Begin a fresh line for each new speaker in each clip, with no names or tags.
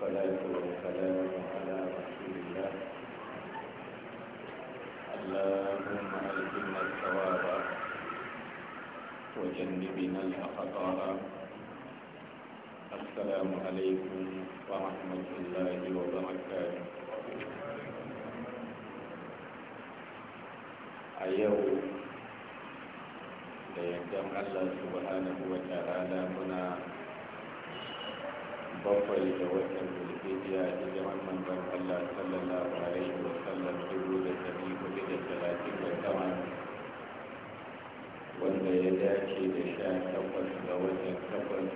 والصلاة والسلام على رسول الله اللهم ألهمنا الثواب وجنبنا الأخطاء السلام عليكم ورحمة الله وبركاته a yau da yadda allah subhanahu wa ta'ala muna bakwai da wajen watan da hijiran manzon Allah sallallahu alaihi wa sallam dubu da dari hudu da talatin da sama wanda ya dace da sha takwas ga wajen takwas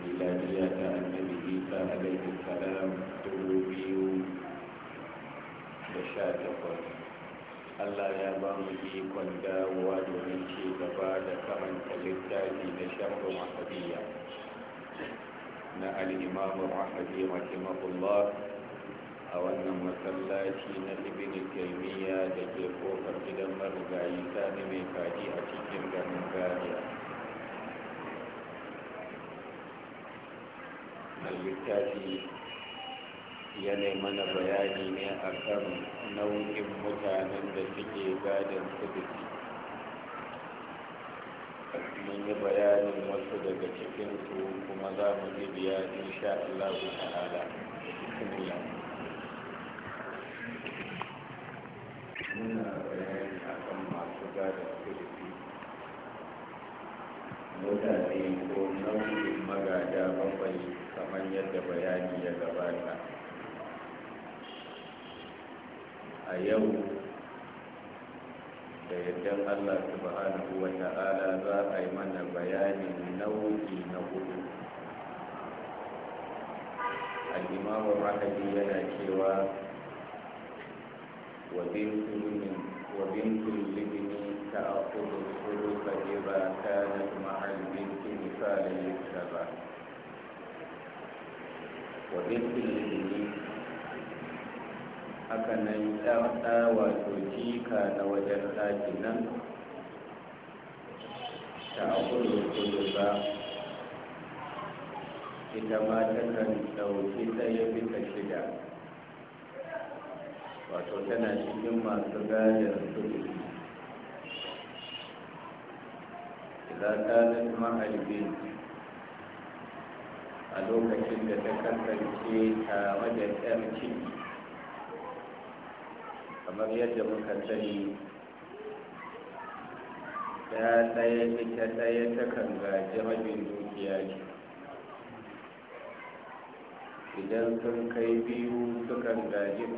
miladiya ta annabi isa alaihi salam dubu biyu da sha takwas Allah ya ba mu ikon dawowa domin ci gaba da karanta littafi na sharhun wahabiyya na al'imamu rahabi rahimahullah a wannan masallaci na ibn taimiyya da ke kofar gidan marigayi ne mai fadi a cikin ganin gariya littafi yana mana bayani ne akan nau'in mutanen da suke gadon su da mun yi bayanin wasu daga cikin su kuma za mu ji biya insha Allah ta'ala muna bayani akan masu gada kudi mutane ko nau'in magada bakwai kamar yadda bayani ya gabata a yau da yaddan Allah subhanahu wa ta'ala za a yi mana bayani nau'i na hudu al-imamu yana cewa wa bintul libni ta'akhudhu as-suluka idha kanat ma'a al-binti misalan yusaba wa haka nan ɗaya wato jika na wajen ɗaki nan ta akulu ba ita ma takan ɗauki ɗaya bisa shida wato tana cikin masu gadar kulu idan kanin mahalbin a lokacin da ta kasance ta da ɗan ciki kamar yadda muka sani ta tsaye ita tsaye ta kan gaji rabin dukiya ce idan sun kai biyu sukan gaji ne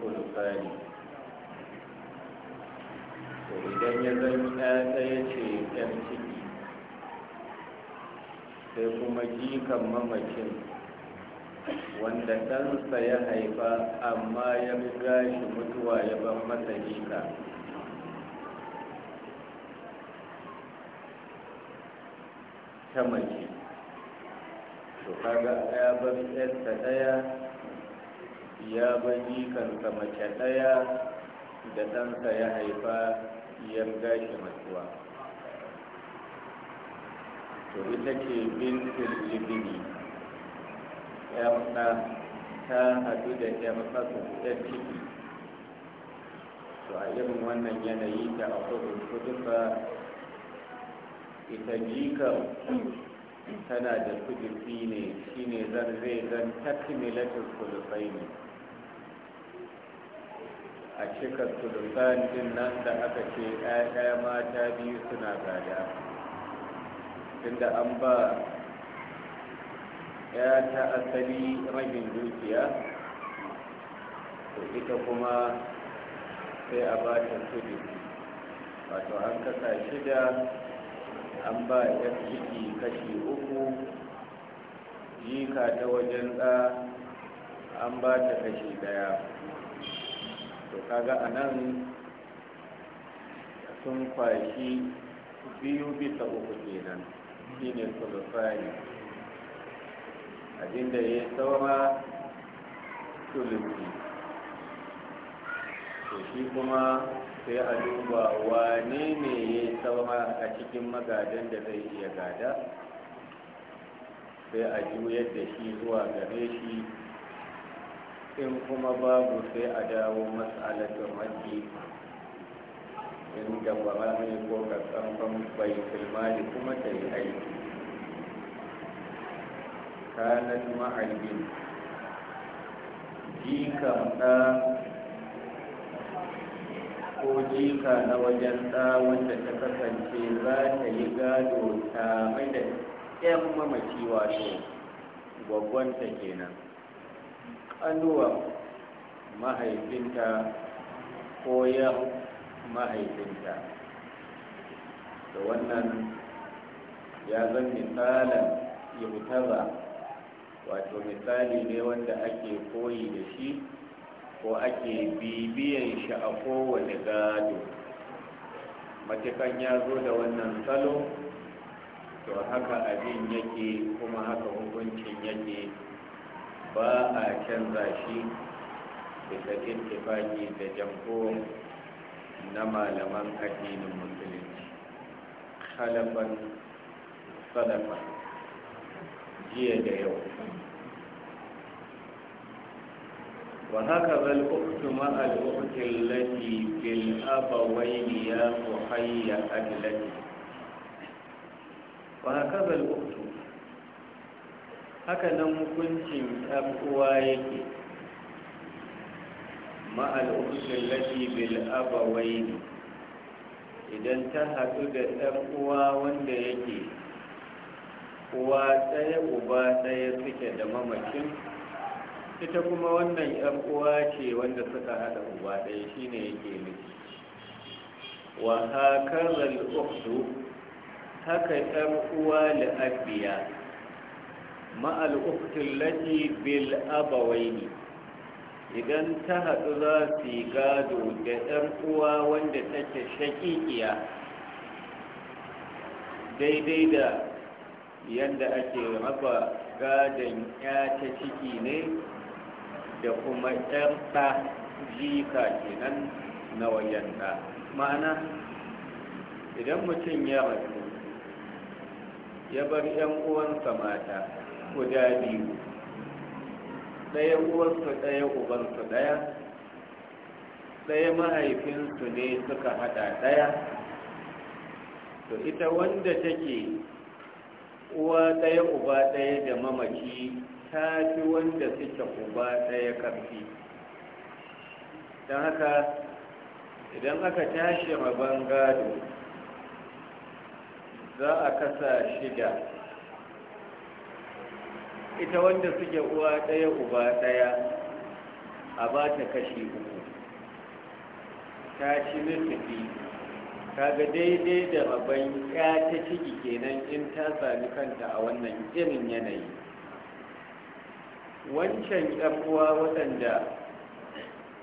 to idan ya zan ta tsaye ce yan ciki sai kuma jikan mamacin wanda ɗansa ya haifa amma ya riga shi mutuwa ya ban masa jika ta mace to kaga ya ban yarsa ɗaya ya bar jikansa mace ɗaya da ɗansa ya haifa ya riga shi mutuwa to ita ce bintin libini yarda ta hadu da yarda ta ciki to a irin wannan yanayi da akwai ba ita jikar tana da fi ne ne zan zai zan takmilatul ne a cika kulufan din nan da aka ce ɗaya mata biyu suna gada tunda an ba ya ta asali rabin dukiya to ita kuma sai a ba ta tudu wato an kasa shida an ba ya ciki kashi uku jika ta wajen da an ba ta kashi ɗaya to kaga a nan sun kwashi biyu bisa uku kenan shine sulusani abinda ya saura sulusi to shi kuma sai a duba wane ne ya saura a cikin magadan da zai iya gada sai a juyar da shi zuwa gare shi in kuma babu sai a dawo matsalatin haƙi inda ba ne ko kasan bai filmali kuma ta yi aiki kanan ma'aibin jika ɗa ko jika na wajen ɗa wanda ta kasance za ta yi gado ta mai da ‘yan mamaci wato gwaggonta kenan ƙanuwa mahaifinta ko yan mahaifinta da wannan ya zan misalin yautaba wato misali ne wanda ake koyi da shi ko ake bibiyan shi a kowane gado matukan ya zo da wannan salo to haka abin yake kuma haka hukuncin yake ba a canza shi bisa intifaki da jamko na malaman addinin musulunci halafan sadaka jiya da yau وهكذا الأخت مع الأخت التي في الأبوين يا أخي أجلتي وهكذا الأخت هكذا مكنت أبوايك مع الأخت التي بالأبوين idan ta haɗu da ɗan uwa wanda yake uwa ɗaya uba ɗaya suke da mamacin ita kuma wannan yan uwa ce wanda suka hada uwa ɗaya shine yake nufi wa haka al-ukhtu haka yan uwa la'abiya ma al-ukhti bil abawaini idan ta haɗu za su gado da yan uwa wanda take shakikiya daidai da yanda ake raba gadon ya ta ciki ne da kuma 'yan ɗa jika kenan na wayanta. ma'ana idan mutum ya rasu ya bar 'yan uwansa mata guda biyu ɗaya uwarsa ɗaya ubansa ɗaya ɗaya mahaifinsu ne suka haɗa ɗaya to ita wanda take uwa ɗaya uba ɗaya da mamaki ta fi wanda suke uba ɗaya ƙarfi don haka idan aka tashi rabon gado za a kasa shida ita wanda suke uwa ɗaya uba ɗaya a ba ta kashi uku ta ci nufi kaga daidai da rabon ya ta ciki kenan in ta sami kanta a wannan irin yanayi wancan yabuwa waɗanda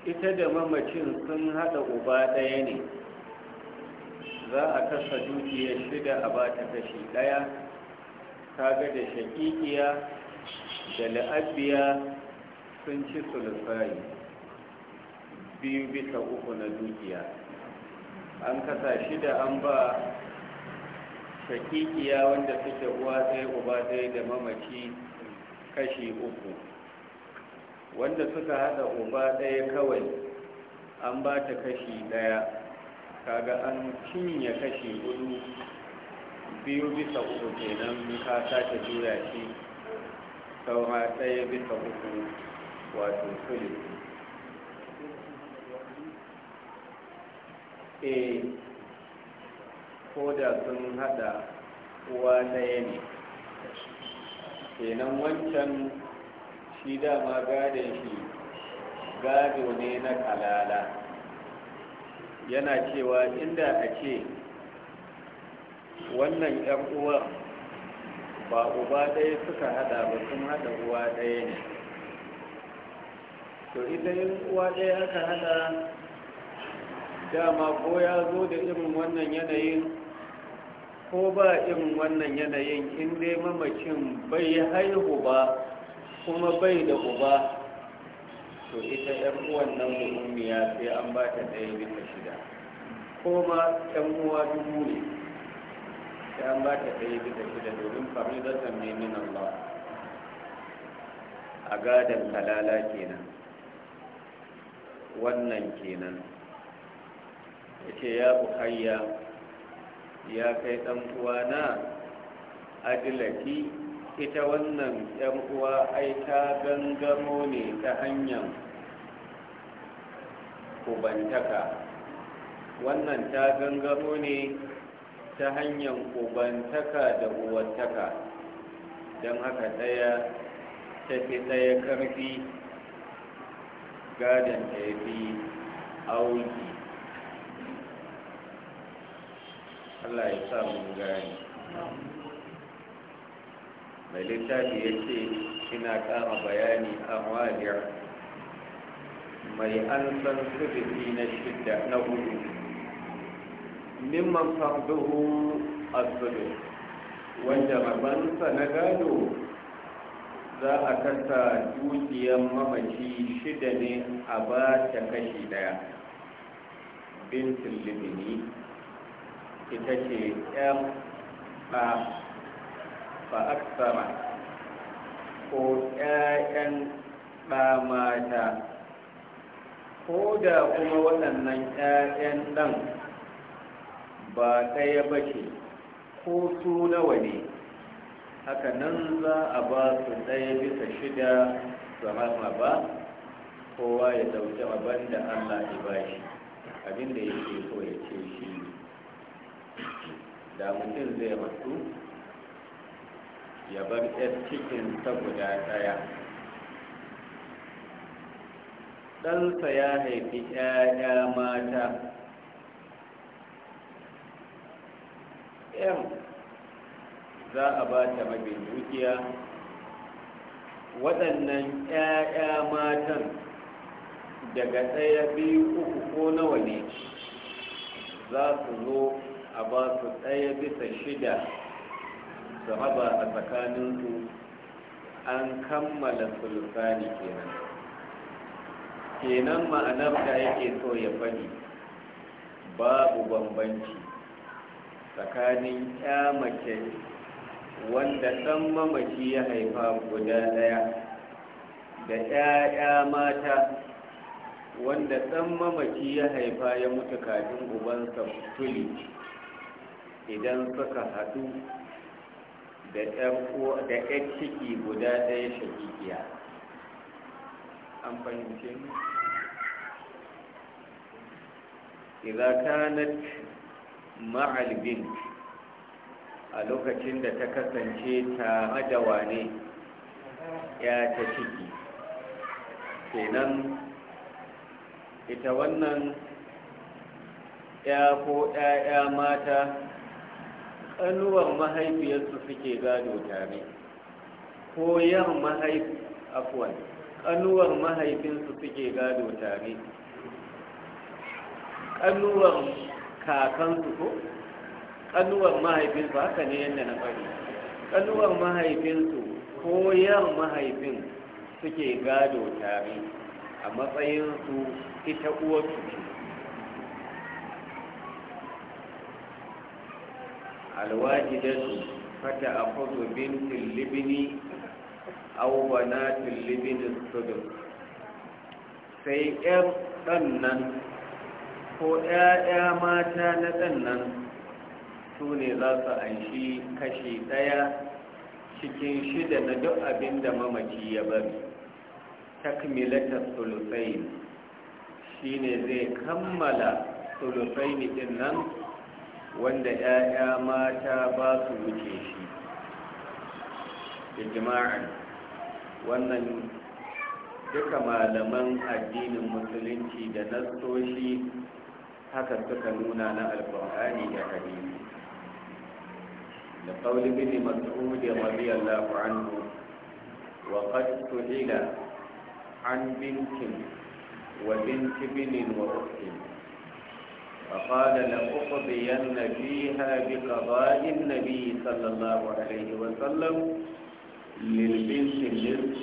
ita da mamacin sun haɗa uba ɗaya ne za a kasa dukiya shida a ba ta kashi ɗaya kaga da shakikiya da la'abiya sun ci sulfari biyu bisa uku na dukiya an kasa shida an ba shakikiya wanda suke uwa ɗaya uba ɗaya da mamaci kashi uku wanda suka hada uba ɗaya kawai an ba ta kashi ɗaya kaga an cinye kashi hudu biyu bisa uku kenan ka sake juya shi saura ɗaya bisa uku wato sulisi e eh, ko da sun hada uwa daya ne kenan wancan shi dama gadon shi gado ne na kalala yana cewa inda a ce wannan yan uwa ba uba ɗaya suka hada ba sun hada uwa ɗaya ne to ita yin uwa ɗaya aka hada dama ko ya zo da irin wannan yanayin ko ba irin wannan yanayin inda dai mamacin bai haihu ba kuma bai da uba to ita yan uwan nan umiya sai an ba ta ɗaya bisa shida ko ma yan uwa dubu ne sai an ba ta ɗaya bisa shida domin faridatan nemi nan Allah a gadon kalala kenan wannan kenan ya ce ya buhayya ya kai ɗan na adilaki ita wannan yan uwa ai ta gangamo ne ta hanyar ubantaka wannan ta gangamo ne ta hanyar ubantaka da uwantaka don haka ɗaya ta fi ɗaya karfi gadon ta ya fi auki Allah ya samu gani. mai littafi ya ce ina kama bayani a wajiyar mai an san sufisi na shidda na hudu mimman farduhu a sudu wanda rabansa na gado za a kasa dukiyar mamaci shida ne a ba ta kashi daya bintin limini ita ce 'yan ba ko ɗa mata ko da kuma waɗannan ƴaƴan ɗan ba ɗaya ba ce ko su nawa ne haka nan za a ba su ɗaya bisa shida zama ba kowa ya ɗauki abin da allah ya bashi abin da yake so ya ce shi da mutum zai mutu ya bar yar cikin ta guda ɗaya ɗansa ya haifi ƴaƴa mata Ƴan za a ba ta mabin dukiya waɗannan ‘ya'ya matan daga ɗaya biyu uku ko nawa ne za su zo a ba su ɗaya bisa shida sahaba a tsakaninku an kammala sulfani kenan kenan ma'anar da yake so ya fadi babu bambanci tsakanin mace wanda ɗan mamaci ya haifa guda ɗaya da ‘ya'ya mata wanda ɗan mamaci ya haifa ya mutu kafin ubansa tuli idan suka haɗu da ɗan ciki guda ɗaya shakikiya an fahimce ne? idan kanat ma'albin a lokacin da ta kasance ta da wane ya ta ciki kenan ita wannan ya ko ɗaya mata ƙanuwan mahaifiyarsu suke gado tare ko yan mahaifi afuwan ƙanuwan mahaifinsu suke gado tare ƙanuwan kakansu ko mahaifin mahaifinsu haka ne yadda na faɗi ƙanuwan mahaifinsu ko yan mahaifin suke gado tare a matsayinsu ita uwarsu ce alwajidatu fata akhudhu bintil libni aw banatil libni sudum sai ƴan ɗan nan ko 'ya'ya mata na ɗan nan su ne za su anshi kashi ɗaya cikin shida na duk abinda mamaci ya bari takmilatar sulusaini shi ne zai kammala sulusaini ɗin nan wanda 'ya'ya mata ba su wuce shi Da ijma'an wannan duka malaman addinin musulunci da nassoshi haka suka nuna na alkur'ani da hadisi da kauli bin mas'ud radiyallahu anhu wa qad su'ila an bintin wa binti binin wa ukhtin فقال لأقضين فيها بقضاء النبي صلى الله عليه وسلم للبنت الجزء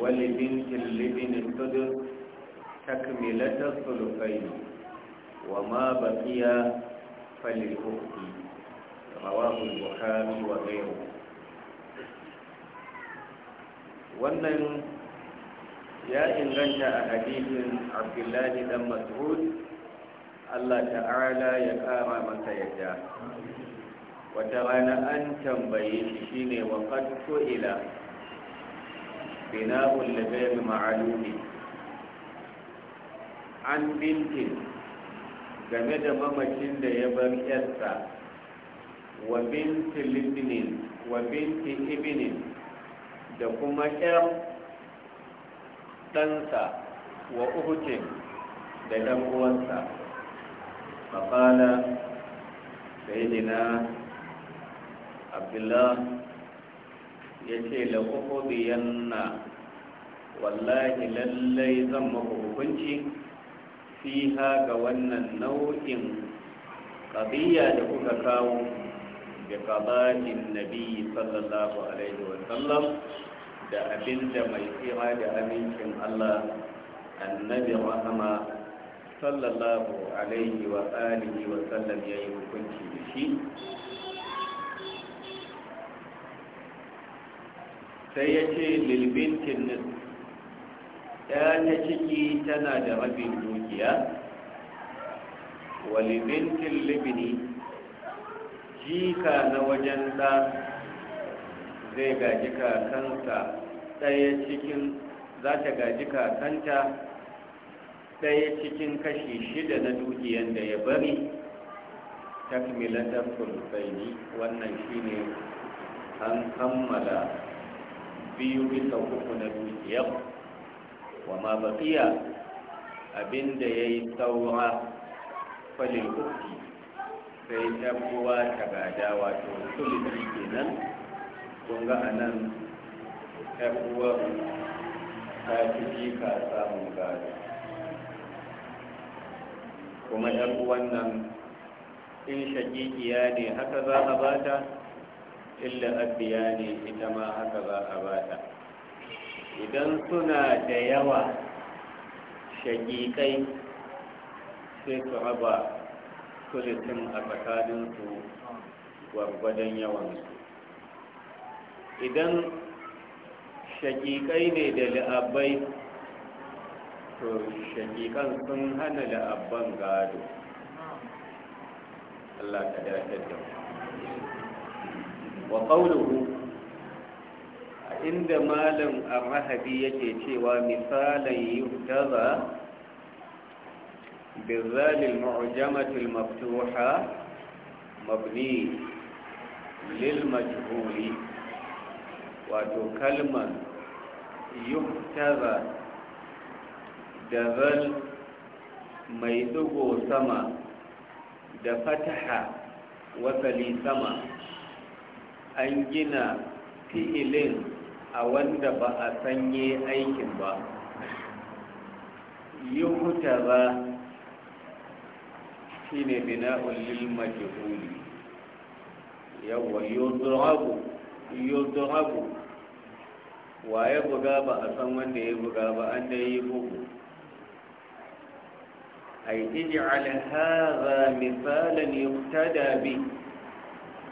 ولبنت اللبن السدس تكملة الثلثين وما بقي فللأخت رواه البخاري وغيره wannan ya inganta a hadisin abdullahi dan mas'ud Allah ta'ala ya kara masa yadda wata rana an tambaye shi shine wa qad Ila. bina'ul ladayl ma'lumi an bintin game da mamacin da ya bar yarsa wa binti libnin wa binti da kuma yar ɗansa wa uhutin da ɗan uwansa فقال سيدنا عبد الله يتي Wallahi lallai zan زمه hukunci fiha ga wannan nau'in ƙabiya da kuka kawo da ƙabatin nabi sallallahu alaihi sallam, da abinda mai tsira da amincin allah annabi rahama sallallahu alaihi wa alihi wa sallam ya yi hukunci da shi sai ya ce lilbintin nis ya ta ciki tana da rabin dukiya Wa lilbintin libini jika na wajen da zai gaji kakansa ɗaya cikin za ta gaji kakanta ɗaya cikin kashi shida na dukiyar da ya bari takmilatar kulfaini wannan shine an kammala biyu bisa uku na dukiyar wa ma baƙiya abinda ya yi saura falin uku sai ɗabuwa ta gada wato sulisi kenan kun ga a nan ɗabuwar ta fi kika samun gado kuma ‘yan uwan nan in shakikiya ne haka za a bata illa abiya ne ita ma haka za a bata idan suna da yawa shakikai sai su raba sulitin a tsakaninsu gwargwadon yawansu idan shakikai ne da li'abai to shakikan sun hana la'abban gado Allah ka dace da wa qawluhu inda malam ar-rahabi yake cewa misalan yuhtaza بالذال المعجمة المفتوحة مبني للمجهول وتكلم يهتذا da mai dugo sama da fataha wasali sama an gina fi'ilin a wanda ba a sanye aikin ba yi huta ba shi ne bina'ul lilmajihuli yawwa yudurabu wa ya buga ba a san wanda ya buga ba an da yi bugu ai ij'al hadha misalan yuqtada bi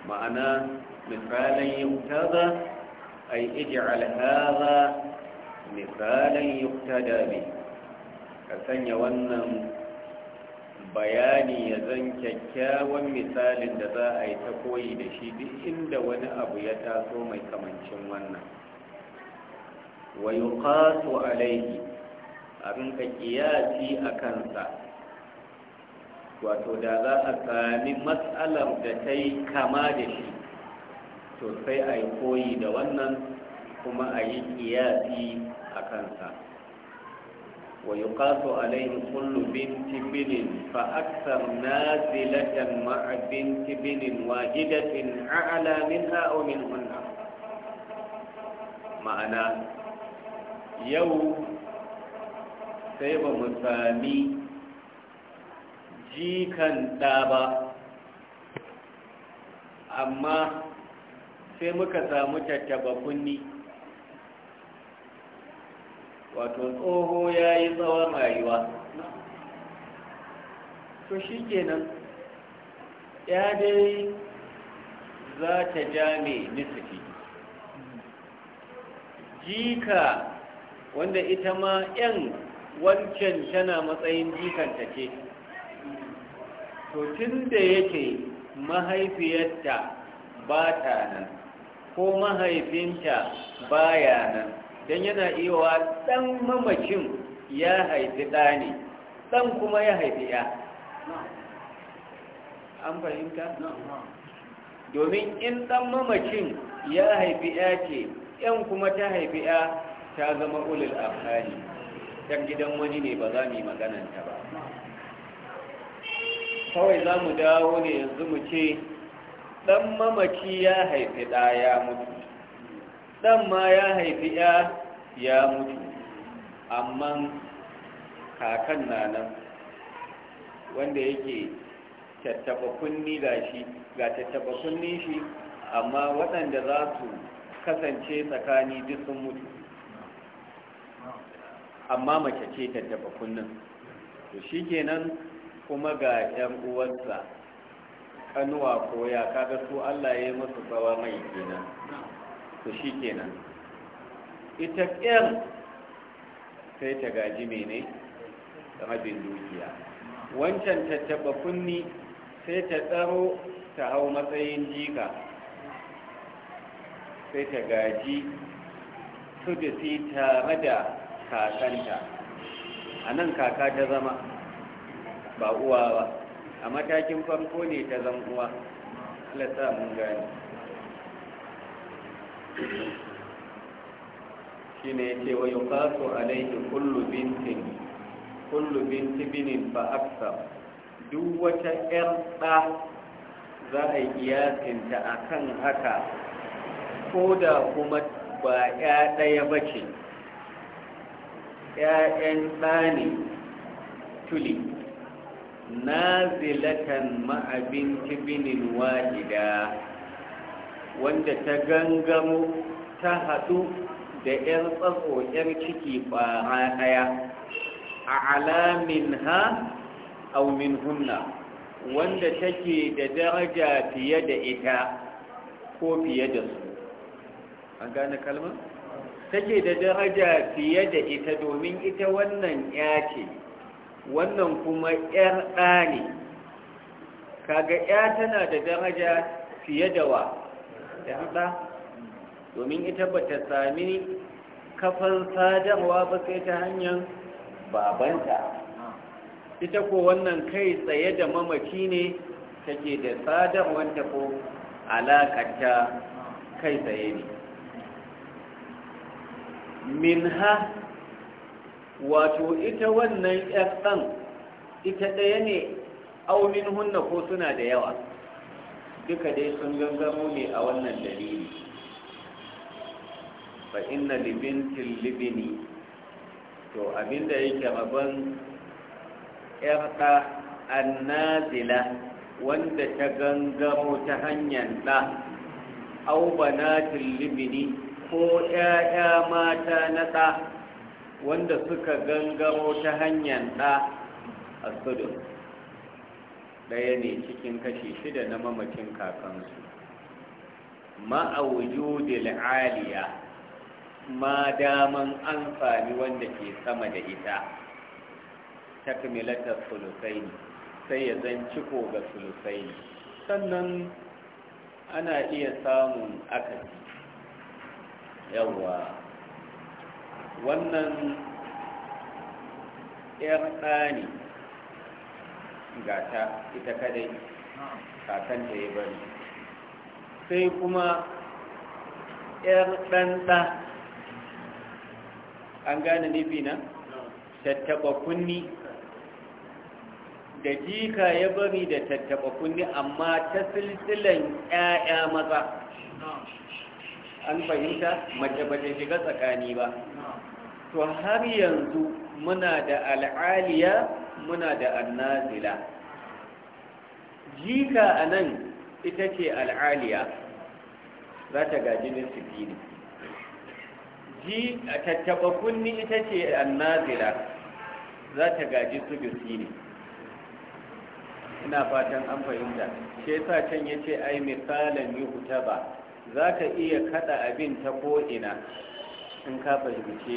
ma'ana misalan yuqtada ai ij'al hadha misalan yuqtada bi ka sanya wannan bayani ya zan kyakkyawan misalin da za a yi ta koyi da shi duk inda wani abu ya taso mai kamancin wannan wa yuqatu alaihi abin ka kiyasi a kansa wato da za a sami matsalar da ta yi kama da shi to sai a yi koyi da wannan kuma a yi kiyasi a kansa wa yi kaso alayhi kullu binti binin fa aksar nazilatan ma'a binti binin wahidatin a'ala min ha'o hunna ma'ana yau sai ba mu sami jikan ɗa ba amma sai muka samu tattaba kunni wato tsoho ya yi tsawon rayuwa to shi kenan ya dai za ta ja jame nisifi jika wanda ita ma 'yan wancan tana matsayin jikanta ce to tun da yake mahaifiyarta ba ta nan ko mahaifinta ba ya nan don yana iya ɗan mamacin ya haifi ɗa ne ɗan kuma ya haifi ya an fahimta? domin in ɗan mamacin ya haifi ya ce ɗan kuma ta haifi ya ta zama ulul afhani ɗan gidan wani ne ba za mu yi magananta ba kawai za mu dawo ne yanzu mu ce ɗan mamaki ya haifi ɗa ya mutu ɗan ma ya haifi ya ya mutu amma kakan na nan wanda yake tattaba kunni ga shi ga tattaba kunni shi amma waɗanda za su kasance tsakani duk sun mutu amma mace ce tattaba kunnin to shi kenan kuma ga 'yan uwansa kanuwa koya kaga su Allah ya yi musu tsawa mai kenan to shi kenan ita ƙyar sai ta gaji mene rabin dukiya wancan tattaba kunni sai ta tsaro ta hau matsayin jika sai ta gaji su da tare da kakanta a nan kaka ta zama ba uwa ba a matakin farko ne ta zan uwa alasa mun gani shi ne ce wa yukasu alaihi kullu bintin kullu binti binin fa aksa duk wata 'yar ɗa za a yi iyasinta a kan haka ko da kuma ba ya ɗaya ba ce ‘ya'yan ɗani tuli nazilatan ma'abin tibinin wahida wanda ta gangamo ta haɗu da 'yar tsatso 'yar ciki ɓara ɗaya a alamin ha aumin hunna wanda take da daraja fiye da ita ko fiye da su an gane kalmar? take da daraja fiye da ita domin ita wannan ya ce wannan kuma ‘yar ɗa ne kaga ‘ya tana da daraja fiye da wa ‘yar ɗa domin ita ba ta sami kafan sadarwa ba sai ta hanyar babanta ita ko wannan kai tsaye da mamaki ne take da sadarwanta ko alakanta kai tsaye ne min ha wato ita wannan ‘yar ɗan ita ɗaya ne aumin hunna ko suna da yawa duka dai sun gangamo ne a wannan dalili fa inna libintin libini to abinda yake rabon ‘yar ɗa annazila wanda ta gangamo ta hanyar ɗa au libini ko ‘ya'ya mata na ɗa wanda suka gangaro ta hanyar ɗa a sudun ɗaya ne cikin kashi shida na mamacin kakansu ma'aujudil aliya ma daman an sami wanda ke sama da ita takmilatar sulusai sai ya zan ciko ga sulusai sannan ana iya samun akasi Yawwa. wannan ‘yar ɗani gata ita kadai kakanta ya bari sai kuma ‘yar ɗanɗa an gane nufi na tattaɓa kunni da jika ya bari da tattaɓa kunni amma ta silsilan ‘ya'ya maza an fahimta mace ba ta shiga tsakani ba to har yanzu muna da al'aliya muna da annazila jika a nan ita ce al'aliya za ta gaji nisibi ne ji a tattaba kunni ita ce annazila za ta gaji su ne ina fatan an fahimta shi yasa can yace ai misalan yuhtaba zaka iya kada abin ta ko ina in ka fahimce shi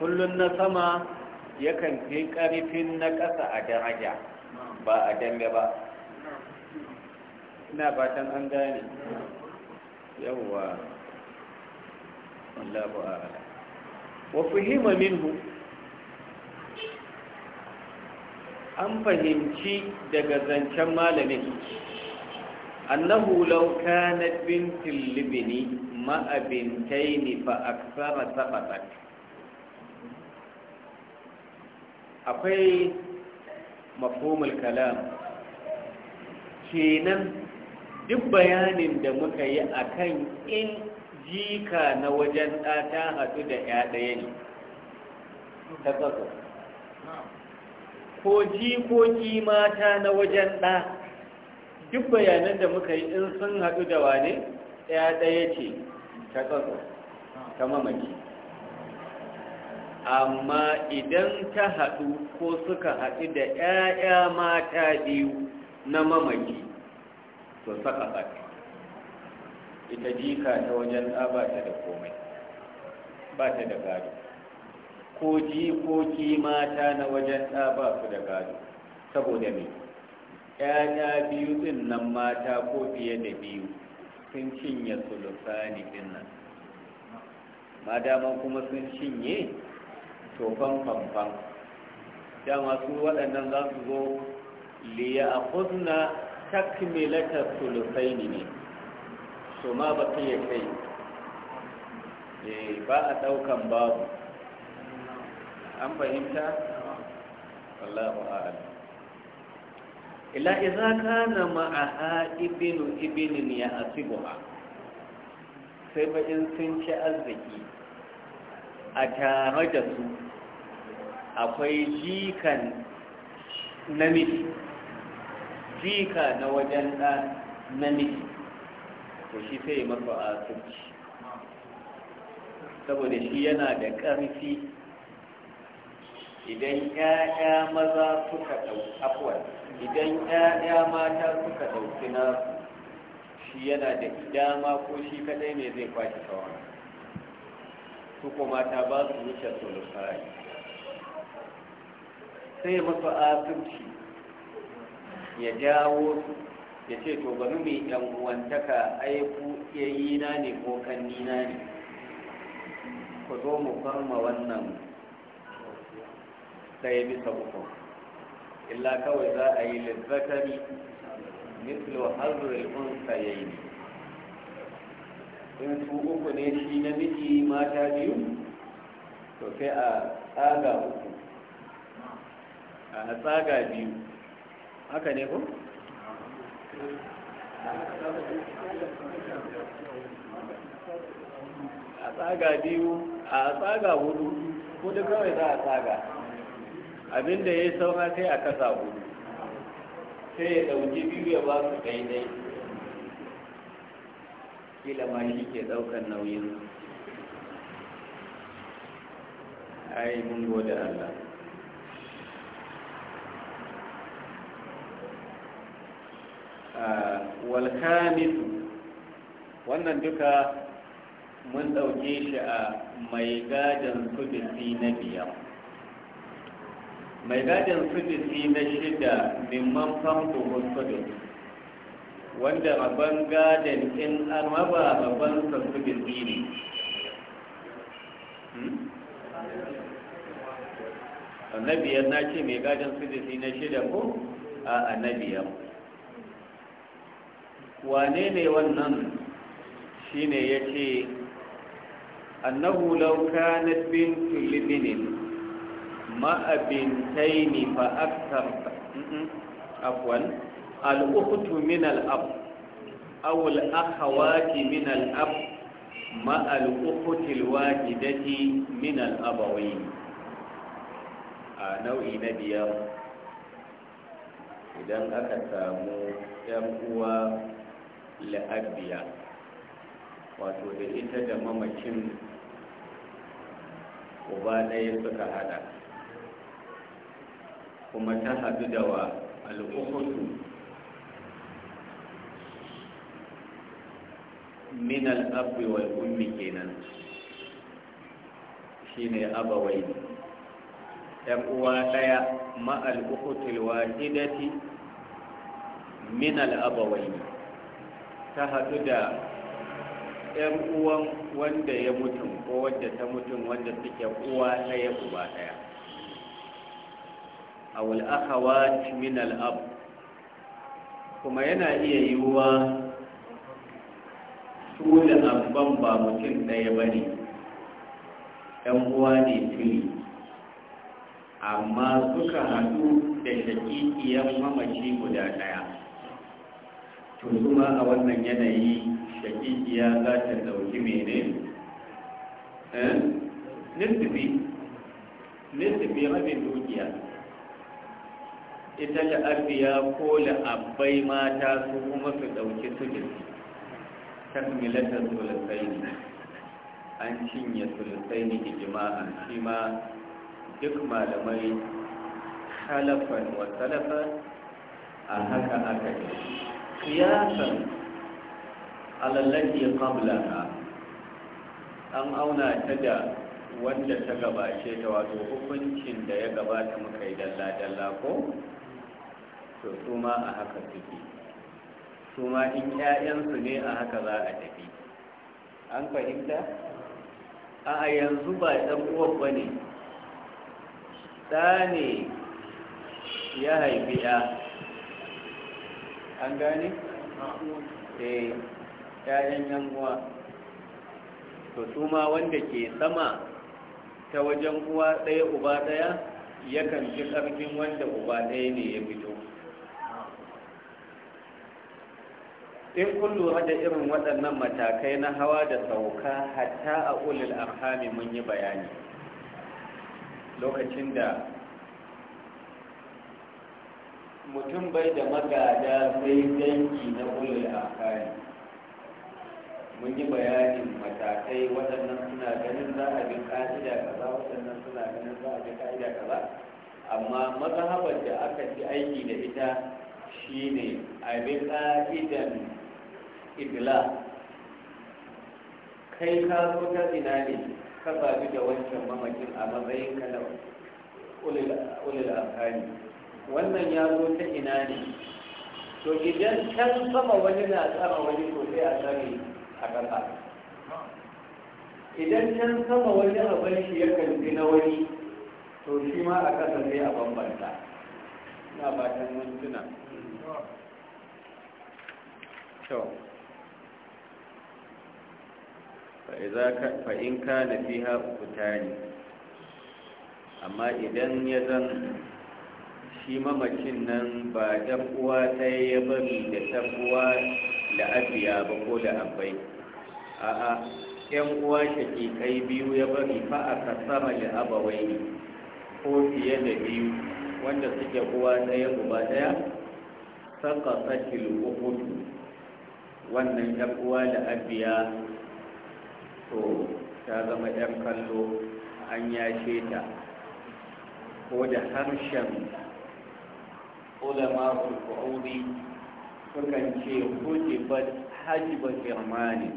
kullum na sama yakan fi ƙarfin na ƙasa a daraja ba a dambe ba ina fatan an gane yawwa wallahu a'ala wa fahima minhu an fahimci daga zancen malamin annahu law kanat bintul libni ne fa aksara sabatak akwai mafhumul kalam kenan duk bayanin da muka yi akan in jika na wajen ɗata hadu da ya ɗaya ne ta tsatsa ko jikoki mata na wajen ɗa duk bayanan da muka yi in sun hadu da wane ya ɗaya ce ta ƙasa ta mamaki amma idan ta haɗu ko suka haɗu da 'ya'ya mata biyu na mamaki to saka saka ita jika ta wajen ba ta da komai ba ta da gado ko ji ki mata na wajen ba su da gado saboda ne 'ya'ya biyu ɗin nan mata ko fiye da biyu sun cinye sulusani din nan madama kuma sun cinye tofan fanfan dama su waɗannan za su zo liya a huzna takmilatar sulusaini ne su ma ba su ya kai eh, ba a ɗaukan babu an fahimta? a a'ala illa idza kana ma'aha ibnu ya asibuha sai ba in sun ci arziki a tare da su akwai jikan namiji jika na wajen ɗa namiji Ko shi sai masa asirci saboda shi yana da ƙarfi idan ƴaƴa maza suka ɗauki afuwar idan ƴaƴa mata suka ɗauki na shi yana da dama ko shi kadai ne zai kwashi sauran su kuma ta ba su wuce solofari sai masu asirci ya jawo su ya ce to bari mai yan uwantaka aiku yayi na ne ko kannina ne ku zo mu farma wannan ɗaya bisa uku illa kawai za a yi lizzakari mislu ya yi in su uku ne shi namiji mata biyu to sai a tsaga uku a tsaga biyu haka ne ku? a tsaga biyu a tsaga hudu kudu kawai za a tsaga abinda ya yi sauna sai a kasa hudu sai ya ɗauki biyu ya ba su daidai kila ma shi ke ɗaukar nauyin ai mun gode Allah khamis wannan duka mun dauke shi a mai gadon kudin na biyar mai gadin sujisi na shida mimman famfo hospital wanda rabon gadin in an maba rabon sa sujisi ne hmm? annabiyar na ce mai gadin sujisi na shida ko a annabiyar wane ne wannan shine ya ce annahu lauka na bin tulibinin ma'abintai ne fa aktar afwan al'ukutu min al'ab awul akhawati min al'ab ma al'ukutil wahidati min al'abawai a nau'i na biyar idan aka samu yan uwa la'abbiya wato da ita da mamacin uba ɗaya suka hada kuma ta haɗu da wa al'ukutu min al'abbi wal ummi kenan ne abawai ɗan uwa ɗaya ma al'ukutul idati min al'abawai ta haɗu da ‘yan uwan wanda ya mutum ko wadda ta mutum wanda suke uwa ɗaya uba ɗaya a wal'akawa min al-ab kuma yana iya yiwuwa su da abban ba mutum ɗaya ba ne uwa ne tuni amma suka haɗu da shakikiyar mamaci guda ɗaya to kuma a wannan yanayi shakikiya za ta ɗauki mene eh? nisbi nisbi rabin dukiya ita la'abiya ko la'abbai mata su kuma su ɗauki sudin tasmilatar sulusai ne an cinye sulusai ne ijima'an shi ma duk malamai halafan wa salafan a haka aka yi kiyasan alallaki qablaha an auna ta da wanda ta gabace ta wato hukuncin da ya gabata muka yi dalla-dalla ko to su ma a haka suke su ma in 'ya'yansu ne a haka za a tafi an fahimta a yanzu ba ɗan uwan ba ne ɗa ne ya haifi ɗa an gane? eh ‘ya'yan yanguwa to su ma wanda ke sama ta wajen uwa ɗaya uba ɗaya yakan fi ƙarfin wanda uba ɗaya ne ya fi in kun lura da irin waɗannan matakai na hawa da sauka hatta a ulil arhami mun yi bayani lokacin da mutum bai da magada sai dangi na ulil arhami mun yi bayanin matakai waɗannan suna ganin za a bi ƙa'ida kaza waɗannan suna ganin za a bi ƙa'ida kaza amma mazhabar da aka fi aiki da ita shine a bi ka'idan Ibila, kai ka zo ta ina ne ka sami da wancan mamakin a matsayin ka na ulil alkali wannan ya zo ta ina ne to idan can sama wani na tsara wani to sai a tsari a ƙasa idan can sama wani abin shi ya kanti na wani to shi ma a ƙasa sai a bambanta na ba ta mun tuna fa'in ka na fi haƙuta ne amma idan ya zan shi mamacin nan ba dafuwa ta yi ya bari da da abiya ba ko da a a'a yan uwa kai biyu ya bari fa a kasama abawai ne ko fiye da biyu wanda suke uwa ɗaya guba ɗaya saka sakil uhudu wannan da abiya ta zama yar kallo an yashe ta ko da harshen ulama ulku'udi sukan ce hujibat hajibat irmani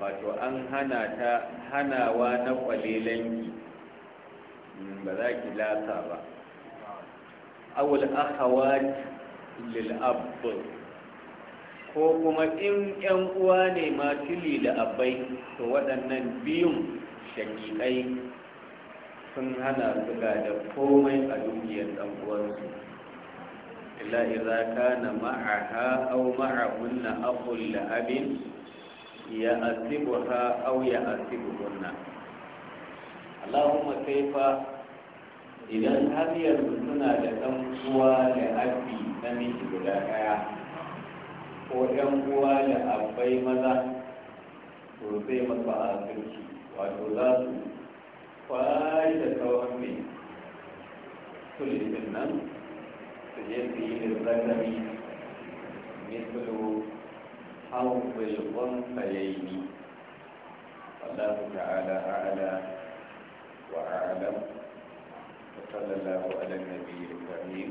wato an hana ta hanawa na kwalelanki hmm, ba za ki lasa ba awul akhawat lil ko kuma in yan uwa ne matili da abai to waɗannan biyun shakikai sun hana su da komai a dukiyar ɗan uwansu illa iza kana ma'aha aw ma'ahunna aqul la abin ya asibu ha au ya hunna Allahumma fa idan har yanzu suna da ɗan uwa da abi namiji guda ɗaya ko ɗan uwa da abai maza to zai masa asirci wato za su kwari da tsawon mai sulisin nan su je su yi zakari mislu hawbul unsayaini الله تعالى أعلى وأعلم وصلى الله على النبي الكريم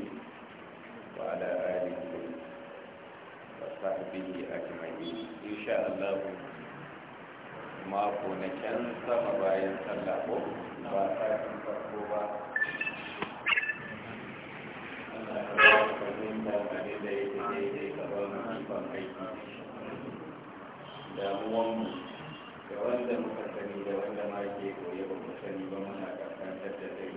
وعلى آله وسلم وصحبه أجمعين إن شاء الله mako na can sama bayan sallah ko ba ba da yake daidai mu ikon da wanda muka sani da wanda ma ke koye ba mu sani ba muna kaskantar da zai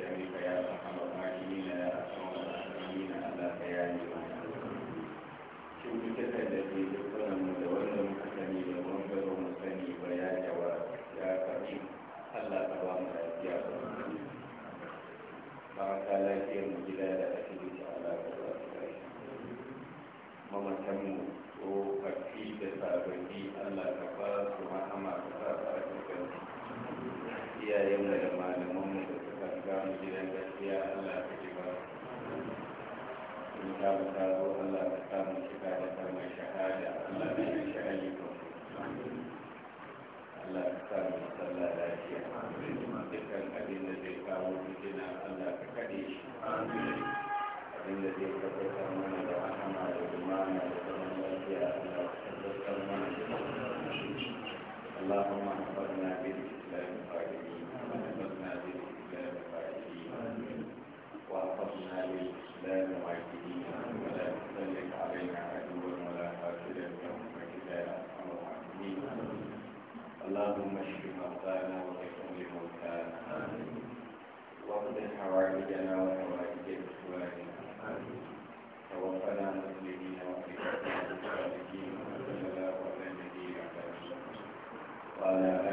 mata lafiyar mu gida da asibiti ala mamatanmu ko kafi da sababbi allah ka ba su mahama ka sa su a cikin iyayenmu da malamanmu da suka gano gidan gaskiya allah ka ji ba in ta mu ta zo allah ka sa mu shiga da kalmar shahada allah ka yi shi ayyukan allah ka sa mu sallah lafiya dukkan abin da zai kawo fitina Allah ka kaɗe shi abin da zai tabbatar mana da rahama da lumana da zaman lafiya Allah ka tabbatar mana da اللهم احفظنا بالإسلام قائمين واحفظنا بالإسلام قائمين واحفظنا بالإسلام واجبين ولا تسلك علينا عدوا ولا قاتلا يوم فإذا أرحم الراحمين اللهم اشف مرضانا حوائج لنا وحوائج إخواننا توفنا مسلمين وحياتنا الصالحين وصلى الله على نبينا محمد وعلى